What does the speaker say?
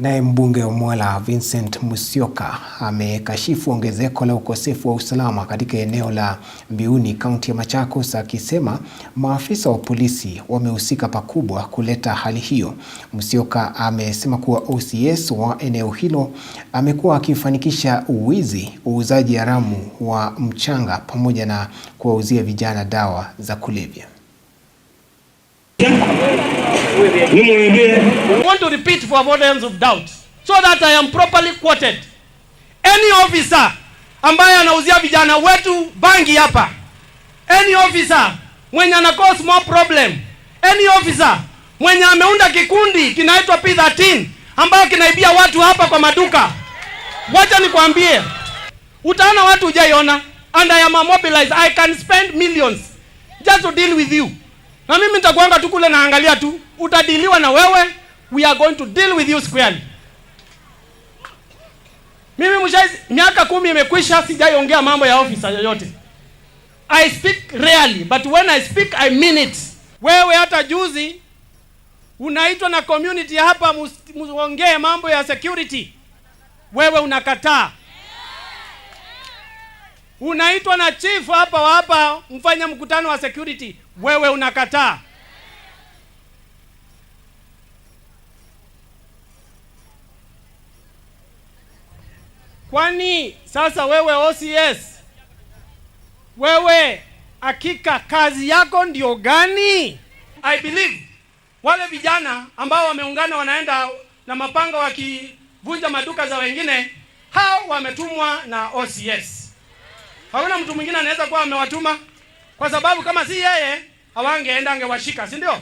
Naye mbunge wa Mwala Vincent Musyoka amekashifu ongezeko la ukosefu wa usalama katika eneo la Mbiuni, kaunti ya Machakos, akisema maafisa wa polisi wamehusika pakubwa kuleta hali hiyo. Musyoka amesema kuwa OCS wa eneo hilo amekuwa akifanikisha uwizi, uuzaji haramu wa mchanga pamoja na kuwauzia vijana dawa za kulevya. I want to repeat for avoidance of doubt so that I am properly quoted. Any officer ambaye anauzia vijana wetu bangi hapa, any officer mwenye ana cause more problem, any officer mwenye ameunda kikundi kinaitwa P13 ambayo kinaibia watu hapa kwa maduka, wacha nikwambie, utaona watu hujaiona, and I am mobilized. I can spend millions just to deal with you na mimi nitakuanga tu kule naangalia tu, utadiliwa na wewe. We are going to deal with you squarely. Mimi mshaizi, miaka kumi imekwisha, sijaiongea mambo ya ofisa yoyote. I speak rarely, but when I speak I mean it. Wewe hata juzi unaitwa na community hapa muongee mambo ya security, wewe unakataa unaitwa na chief hapa hapa, mfanya mkutano wa security, wewe unakataa. Kwani sasa wewe OCS, wewe hakika kazi yako ndio gani? I believe wale vijana ambao wameungana wanaenda na mapanga wakivunja maduka za wengine, hao wametumwa na OCS. Hakuna mtu mwingine anaweza kuwa amewatuma, kwa sababu kama si yeye hawangeenda, angewashika, si ndio?